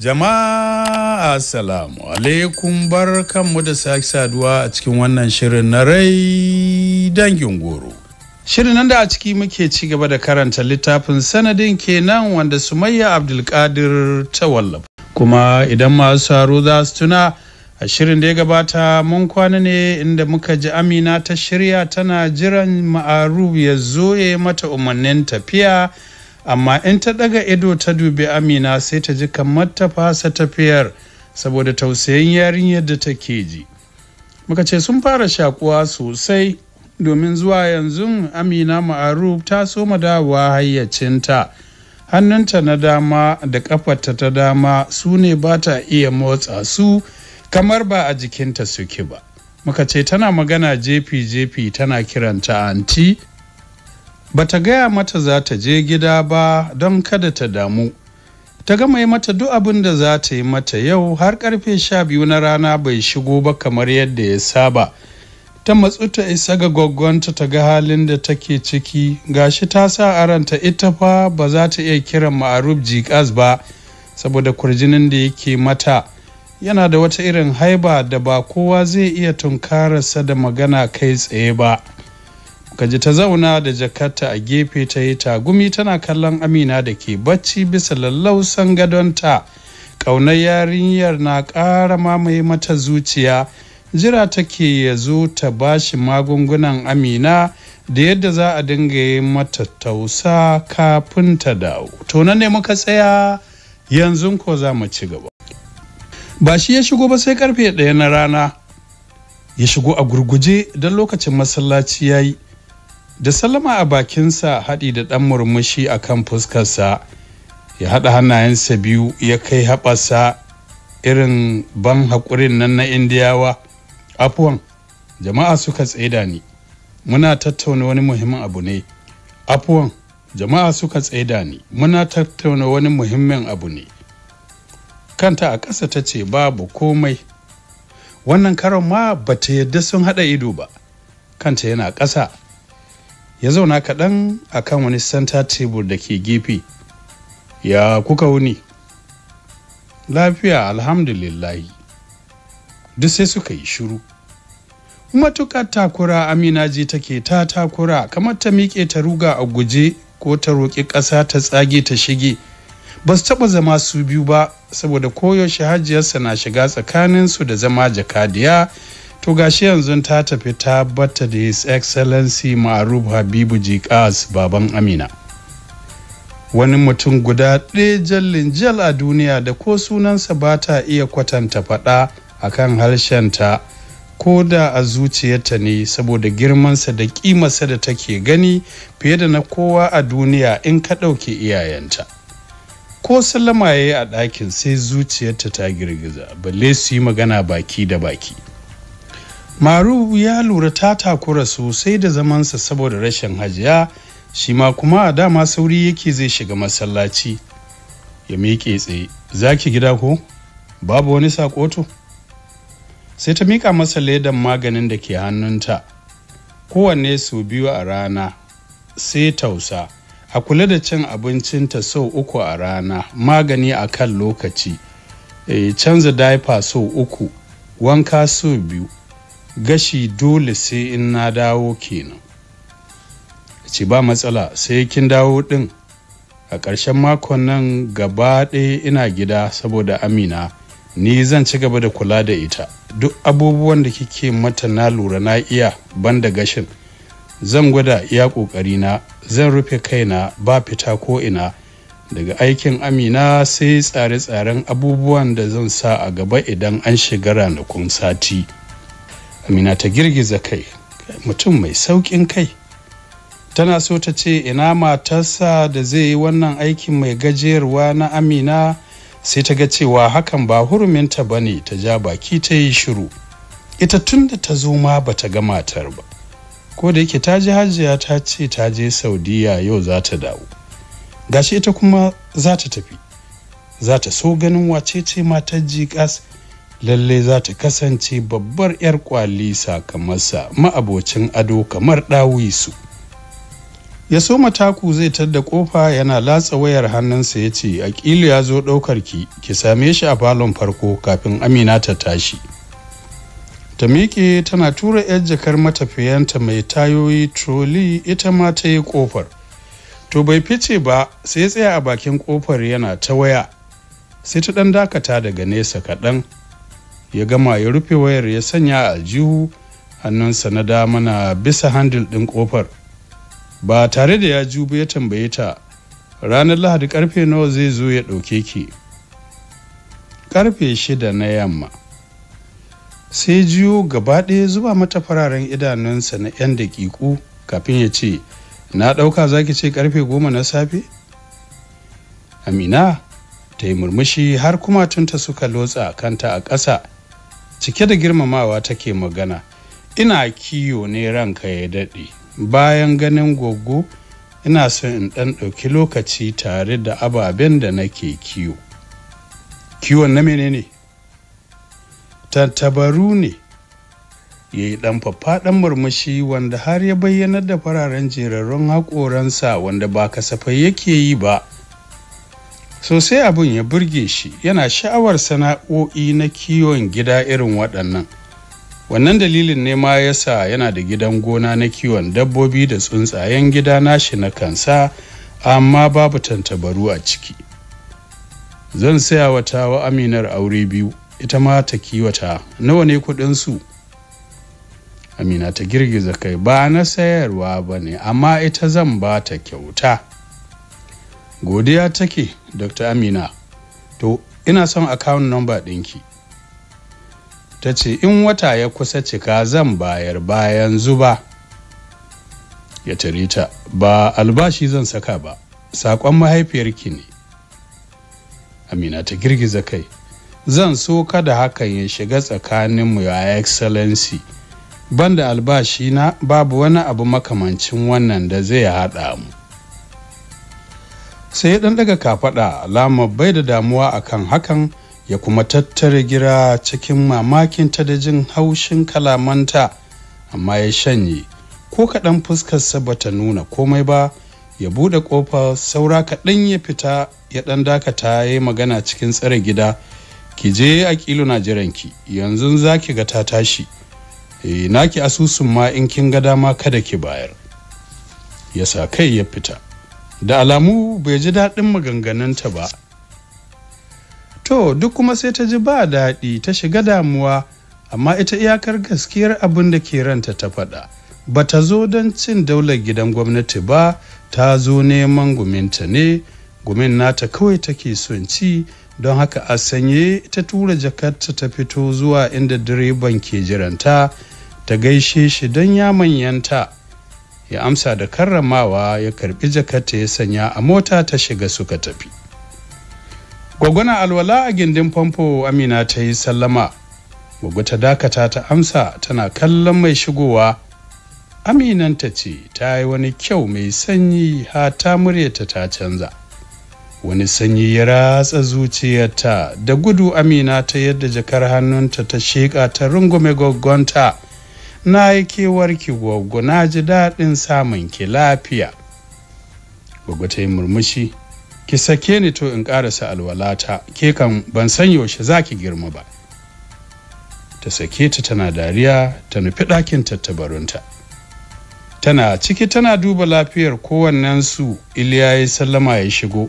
Jama'a Assalamu alaikum bar kanmu da sake saduwa a cikin wannan shirin na rai dangin goro. Shirin nan da a ciki muke ci gaba da karanta littafin sanadin kenan wanda Sumayya Abdulkadir ta wallafa. Kuma idan masu haro za su tuna a shirin da ya gabata mun kwana ne inda muka ji Amina ta shirya tana jiran ma'aruf ya zo mata umarnin tafiya. amma in ta daga ido ta dubi amina sai ta ji kamar ta fasa tafiyar saboda tausayin yarinyar da take ji muka ce sun fara shakuwa sosai domin zuwa yanzu amina ma'aruf ta soma dawowa hayyacinta hannunta na dama da kafarta ta dama su ne ba ta iya motsa su kamar ba a jikinta suke ba muka ce tana magana jefi-jefi tana kiranta anti bata gaya mata za ta je gida ba don kada ta damu ta gama yi mata duk abin da za ta yi mata yau har karfe sha biyu na rana bai shigo ba kamar yadda ya saba ta matsu ta isa ga gwaggonta ta ga halin da take ciki gashi ta sa a ranta ita fa ba za ta iya kiran ma'aruf jikas ba saboda kurjinin da yake mata yana da wata irin haiba da ba kowa zai iya tunkararsa da magana kai tsaye ba Kaji ta zauna da jakarta a gefe ta yi tagumi tana kallon amina da ke bacci bisa lallausan gadonta ƙaunar yarinyar na ƙara mamaye mata zuciya jira take ya zo ta bashi magungunan amina da yadda za a dinga yi mata tausa kafin ta dawo to nan ne muka tsaya yanzu ko za mu ci gaba ba shi ya shigo ba sai karfe ɗaya na rana ya shigo a gurguje don lokacin masallaci ya yi da salama a bakinsa haɗi da ɗan murmushi a kan fuskarsa ya haɗa hannayensa biyu ya kai haɓasa irin ban haƙurin nan na indiyawa afuwan jama'a suka tsaida ni muna tattauna wani muhimmin abu ne afuwan jama'a suka tsaida ni muna tattauna wani muhimmin abu ne kanta a ƙasa ta ce babu komai wannan karon ma bata yarda sun haɗa ido ba kanta yana ƙasa ya zauna kaɗan a kan wani center table da ke gefe ya kuka wuni lafiya alhamdulillahi duk sai suka yi shiru matuƙar takura amina ji take ta takura kamar ta miƙe ta ruga a guje ko ta roƙi ƙasa ta tsage ta shige ba su taɓa zama su biyu ba saboda koyaushe hajiyarsa na shiga tsakaninsu da zama jakadiya To gashi yanzu ta tafi ta batta da His Excellency Ma'aruf Habibu Jikas baban Amina. Wani mutum guda ɗaya jallin jal a duniya da ko sunansa ba ta iya kwatanta faɗa a kan harshenta ko da a zuciyarta ne saboda girmansa da ƙimarsa da take gani fiye da na kowa a duniya in ka ɗauke iyayenta. Ko sallama ya yi a ɗakin sai zuciyarta ta girgiza balle su yi magana baki da baki. maruf ya lura ta takura sosai da zamansa saboda rashin hajiya shi ma kuma a dama sauri yake zai shiga masallaci ya miƙe tsaye za ki gida ko babu wani sakoto sai ta miƙa masa ledan maganin da ke hannunta kowanne su biyu a rana sai tausa a kula da cin abincinta sau uku a rana magani a kan lokaci e, canza daifa sau uku wanka sau biyu gashi dole sai in na dawo kenan ci ba matsala sai kin dawo ɗin a ƙarshen makon nan gaba ɗaya ina gida saboda amina ni zan ci gaba da kula da ita duk abubuwan da kike mata na lura na iya ban da gashin zan gwada iya na zan rufe kaina ba fita ko ina daga aikin amina sai tsare-tsaren abubuwan da zan sa a gaba idan an shiga ranakun sati. amina ta girgiza kai mutum mai sauƙin kai tana so ta ce ina matarsa da zai yi wannan aikin mai gajerwa na amina sai ta ga cewa hakan ba huruminta ba ne ta ja baki ta yi shiru ita tun da ta zo ma ba ta ga matar ba ko da yake ta ji hajiya ta ce ta je saudiya yau za ta dawo gashi ita kuma za ta tafi za ta so ganin wacece ce matar jikas lalle za ta kasance babbar 'yar kwali sakamarsa ma'abocin ado kamar ɗawisu ya so mataku zai tadda kofa yana latsa wayar hannunsa ya ce aƙilu ya zo ɗaukar ki ki same shi a falon farko kafin amina ta tashi ta miƙe tana tura 'yar jakar matafiyanta mai tayoyi troli ita ma ta yi ƙofar to bai fice ba sai tsaya a bakin ƙofar yana ta waya sai ta ɗan dakata daga nesa kaɗan ya gama ya rufe wayar ya sanya a aljihu hannunsa na dama na bisa handle ɗin ƙofar ba tare da ya juba ya tambaye ta ranar lahadi karfe nawa zai zo ya ɗauke ki karfe shida na yamma sai jiyo gaba ɗaya zuba mata fararen idanunsa na 'yan daƙiƙu kafin ya ce na ɗauka za ki ce karfe goma na safe amina ta yi murmushi har kuma kumatunta suka lotsa kanta a ƙasa cike da girmamawa take magana ina kiyo ne ranka ya daɗe bayan ganin goggo ina son in ɗan ɗauki lokaci tare da ababen da nake kiyo kiwon na menene tantabaru ne ya yi ɗan faffaɗan murmushi wanda har ya bayyanar da fararen jerarrun haƙoransa wanda ba kasafai yake yi ba sosai abin ya burge shi yana sha'awar sana'o'i na kiwon gida irin waɗannan wannan dalilin ne ma ya sa yana da gidan gona na kiwon dabbobi da tsuntsayen gida nashi na kansa amma babu tantabaru a ciki zan saya wata wa aminar aure biyu ita ma ta kiwata nawa ne kuɗin su amina ta girgiza kai ba na sayarwa ba ne amma ita zan ba ta kyauta godiya take dr amina to ina son account number ɗinki ta ce in wata ya kusa cika zan bayar bayan zuba ya tare ba albashi zan saka ba saƙon mahaifiyarki ne amina ta girgiza kai zan so kada hakan ya shiga tsakaninmu ya excellency banda albashi na babu wani abu makamancin wannan da zai haɗa mu sai ya ɗan daga kafaɗa alama bai da damuwa akan hakan ya kuma tattara gira cikin mamakin ta da jin haushin kalamanta amma ya shanye ko kaɗan fuskarsa ba ta nuna komai ba ya buɗe ƙofa saura kaɗan ya fita ya ɗan dakata ya yi magana cikin tsare gida ki je a kilo na jiranki yanzu za ki ga ta tashi eh, naki asusun ma in kin ga dama kada ki bayar ya sa kai ya fita da alamu bai ji daɗin maganganunta ba to duk kuma sai ta ji ba daɗi ta shiga damuwa amma ita iyakar gaskiyar abin da ke ranta ta faɗa ba ta zo don cin daular gidan gwamnati ba ta zo neman guminta ne gumin nata kawai take son ci don haka a sanye ta tura jakarta ta fito zuwa inda direban ke jiranta ta gaishe shi don ya manyanta ya amsa da karramawa ya karbi jakata ya sanya a mota ta shiga suka tafi gwaguna alwala a gindin famfo amina ta yi sallama gwagwa ta dakata ta amsa tana kallon mai shigowa aminanta ce ta yi wani kyau mai sanyi ha ta muryata ta canza wani sanyi ya ratsa zuciyarta da gudu amina ta yadda jakar hannunta ta sheƙa ta rungume gwaggonta na yi kewar ki gwaggo na ji daɗin samun ki lafiya gwaggo ta yi murmushi ki sake ni to in ƙarasa alwalata ke kan ban san yaushe za ki girma ba ta sake ta tana dariya ta nufi ɗakin tattabarunta tana ciki tana duba lafiyar kowannensu iliya ya sallama ya shigo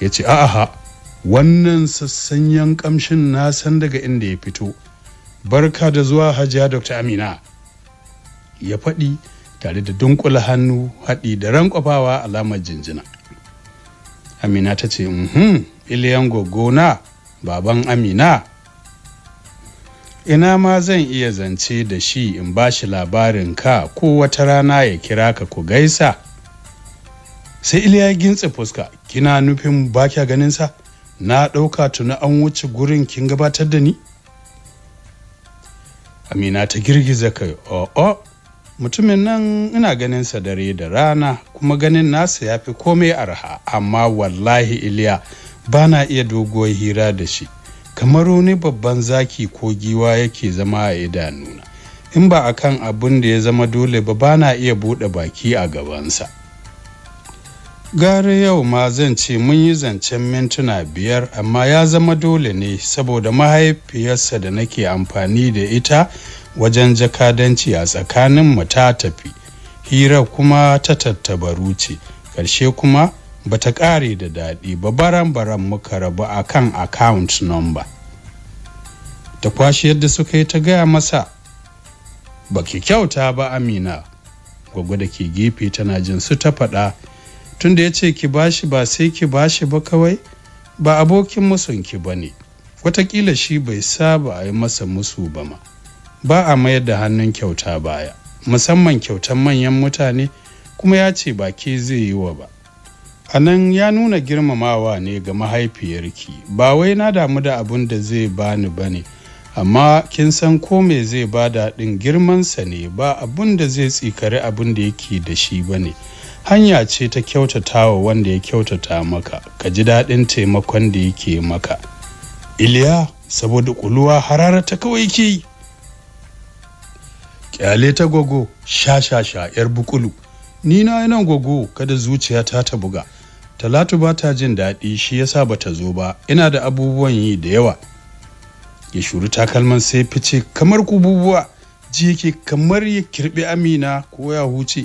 ya ce a'a wannan sassanyen ƙamshin na san daga inda ya fito barka da zuwa hajiya dr amina ya faɗi tare da dunkula hannu haɗi da rankwafawa alamar jinjina amina ta ce mhm iliyan gogona baban amina ina ma zan iya zance da shi in ba shi labarin ka ko wata rana ya kira ka ku gaisa sai iliya gintse fuska kina nufin ba kya ganinsa na ɗauka tuni an wuce gurin kin gabatar da ni amina ta girgiza kai o'o oh, oh, mutumin nan ina ganin sa dare da rana kuma ganin nasa ya fi komai arha amma wallahi iliya ba na iya doguwar hira da shi kamar wani babban zaki ko giwa yake zama a idanuna in ba akan abin da ya zama dole ba ba na iya buɗe baki a gabansa gare yau ma zan ce mun yi zancen mintuna biyar amma ya zama dole ne saboda mahaifiyarsa da nake amfani da ita wajen jakadanci a tsakanin mu ta tafi hira kuma ta tattabaru ce ƙarshe kuma bata ƙare da daɗi ba baran-baran muka rabu a kan account number ta kwashe yadda suka yi ta gaya masa baki kyauta ba amina gwagwa da ke gefe tana jin su ta faɗa tunda ya ce ki bashi ba sai ki bashi ba kawai ba abokin ki ba ne watakila shi bai saba a yi masa musu ba ma ba a mayar da hannun kyauta baya musamman kyautan manyan mutane kuma ya ce ba ke zai yi wa ba a nan ya nuna girmamawa ne ga mahaifiyarki ba wai na damu da abin da zai bani ba ne amma kin san ko me zai ba daɗin girmansa ne ba abin da zai tsikari abin da yake da shi ba ne hanya ce ta kyautata wa wanda ya kyautata maka ka ji daɗin taimakon da yake maka iliya saboda ƙuluwa harara ta kawai ke Ƙyale ta gwago! sha sha sha yar bukulu ni na nan gogo kada zuciya ta ta buga talatu ba ta jin daɗi shi yasa ba ta zo ba ina da abubuwan yi da yawa ya shuri takalman sai fice kamar kububuwa ji yake kamar ya kirɓi amina ko ya huce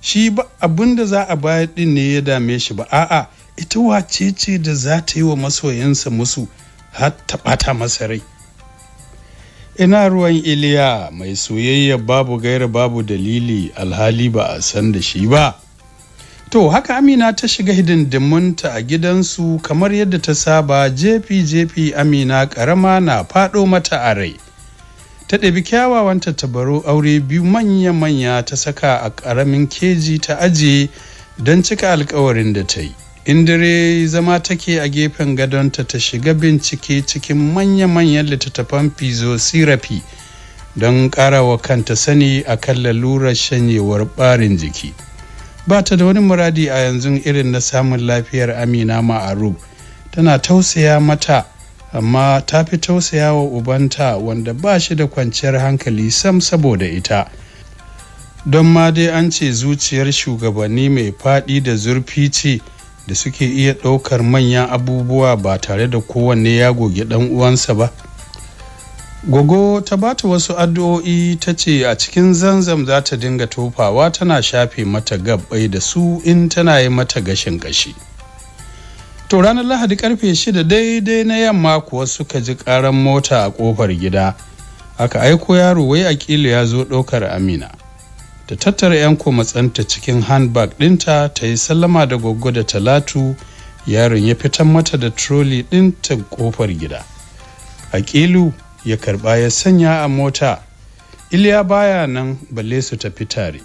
shi ba abin da za a bayar din ne ya dame shi ba a'a ita wace ce da za ta yi wa masoyansa musu har ta ɓata masa rai ina ruwan iliya mai soyayya babu gaira babu dalili alhali ba a san da shi ba to haka amina ta shiga hidindimunta a gidansu kamar yadda ta saba jefi jefi amina karama na faɗo mata a rai ta ɗabi kyawawan tattabaru aure biyu manya-manya ta saka a ƙaramin keji ta ajiye don cika alkawarin da ta yi indire zama take a gefen gadonta ta shiga bincike cikin manya-manyan littattafan sirafi don ƙarawa kanta sani a kan lalurar shanyewar ɓarin jiki ba ta da wani muradi a yanzu irin na samun lafiyar amina ma'arub tana tausaya mata amma ta fi tausaya wa ubanta wanda ba shi da kwanciyar hankali sam saboda ita don ma dai an ce zuciyar shugabanni mai faɗi da zurfi ce da suke iya ɗaukar manyan abubuwa ba tare da kowanne ya goge ɗan uwansa ba gogo ta bata wasu addu'o'i ta ce a cikin zanzam za ta dinga tofawa tana shafe mata gabbai da su in tana yi mata gashin ƙashi. to ranar lahadi karfe shida daidai na yamma kuwa suka ji karan mota a kofar gida aka aiko yaro wai akilu ya zo ɗaukar amina ta tattara 'yan matsanta cikin handbag ɗinta ta yi sallama da goggo da talatu yaron ya fitan mata da troli ɗinta kofar gida akilu ya karba ya sanya a mota iliya baya nan balle su tafi tare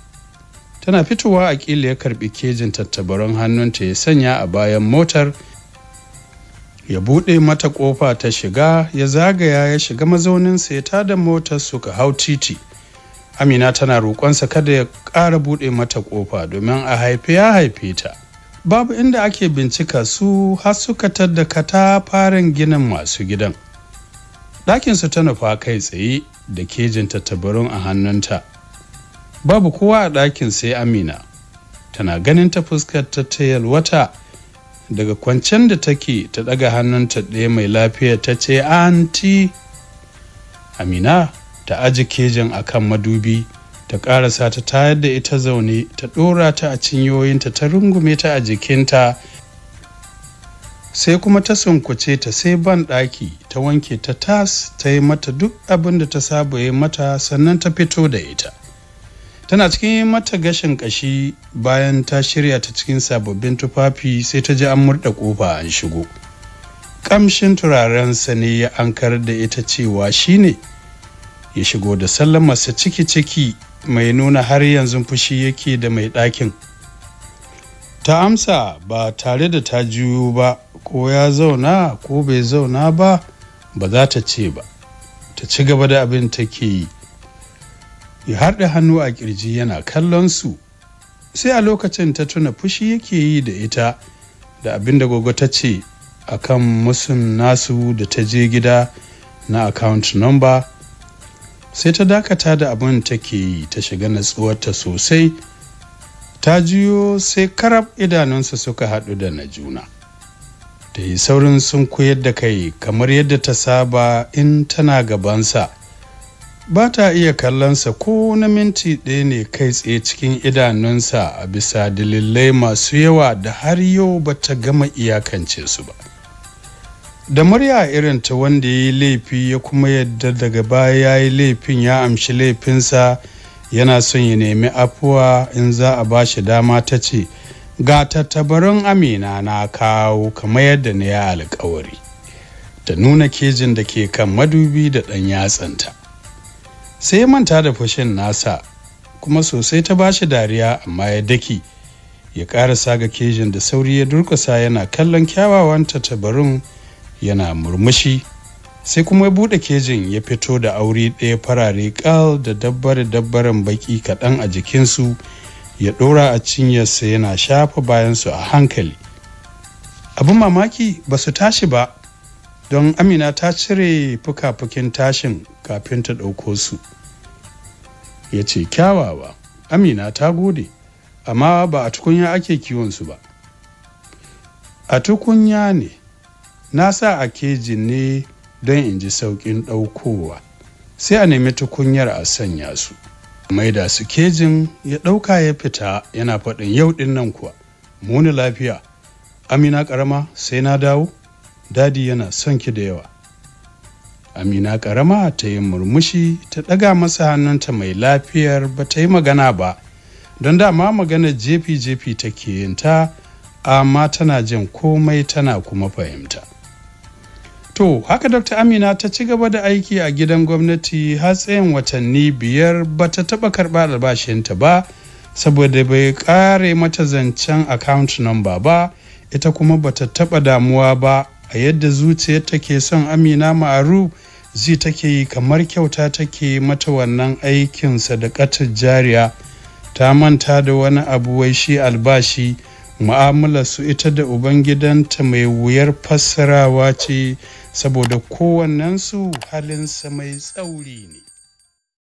tana fitowa Akilu ya karbi kejin tattabaron hannunta ya sanya a bayan motar ya buɗe mata ƙofa ta shiga ya zagaya ya shiga mazauninsa ya tada motar suka hau titi amina tana roƙonsa kada ya ƙara buɗe mata ƙofa domin a haife ya haife ta babu inda ake bincika su har suka tadda farin ginin masu gidan su ta nufa kai tsaye da kejin tattabarun a hannunta babu kowa a ɗakin sai amina tana ganin ta fuskar ta yalwata daga kwancen da take ta daga hannunta ɗaya mai lafiya ta ce anti amina ta aji kejin a kan madubi ta ƙarasa ta tayar da ita zaune ta ɗora ta a cinyoyinta ta rungume ta a jikinta sai kuma ta sunkuce ta sai ban ɗaki ta wanke ta tas ta yi mata duk abin da ta saba yi mata sannan ta fito da ita tana cikin mata gashin kashi bayan ta shirya ta cikin sababbin tufafi sai ta ji an murda ƙofa an shigo kamshin turaren sa ne ya ankar da ita cewa shine ya shigo da masa ciki-ciki mai nuna har yanzu fushi yake da mai ɗakin ta amsa ba tare da ta juyo ba ko ya zauna ko bai zauna ba ba za ta ce ba ta ci gaba da abin take yi ya harɗe hannu a ƙirji yana kallon su sai a lokacin ta tuna fushi yake yi da ita da abin da gogo ta ce a kan musun nasu da ta je gida na account number sai ta dakata da abin take yi ta shiga natsuwarta sosai ta juyo sai karab idanunsa suka haɗu da na juna da yi saurin sun koyar da kai kamar yadda ta saba in tana gabansa ba ta iya kallonsa ko na minti ɗaya ne kai tsaye cikin idanunsa a bisa dalilai masu yawa da har yau ba ta gama iyakance su ba da murya irin ta wanda ya yi laifi ya kuma yadda daga baya ya yi laifin ya amshi laifinsa yana son ya nemi afuwa in za a ba shi dama ta ce ga tattabarin amina na kawo kamar yadda na ya alkawari ta nuna kejin da ke kan madubi da ɗan yatsanta. sai ya manta da fushin nasa kuma sosai ta bashi dariya amma ya daki ya ƙara ga kejin da sauri ya durkusa yana kallon kyawawan tatabarun yana murmushi sai kuma ya buɗe kejin ya fito da aure ɗaya farare kal da dabbare dabbaren baƙi kaɗan a jikinsu ya ɗora a cinyarsa yana shafa bayansu a hankali abin mamaki ba su tashi ba don amina ta cire fuka-fukin tashin kafin ta ɗauko su ya ce kyawawa amina ta gode amma ba a tukunya ake kiwon su ba a tukunya ne na sa a keji ne don in ji sauƙin ɗaukowa sai a nemi tukunyar a sanya su Mai da su kejin ya ɗauka ya fita yana faɗin yau ɗin nan kuwa muni lafiya amina ƙarama sai na dawo dadi yana son ki da yawa amina karama ta yi murmushi ta ɗaga masa hannunta mai lafiyar ba ta yi magana ba don dama magana jefi-jefi take yin ta amma tana jin komai tana kuma fahimta to haka dr amina ta ci gaba da aiki a gidan gwamnati har tsayin watanni biyar ba ta taɓa karɓar albashinta ba saboda bai ƙare mata zancen account number ba ita kuma ba ta taɓa damuwa ba a yadda zuciyarta ke son amina ma'aru zai take yi kamar kyauta take mata wannan aikinsa da katar jariya ta manta da wani abu wai shi albashi mu'amalar su ita da ubangidanta mai wuyar fassarawa ce saboda kowannensu halinsa mai tsauri ne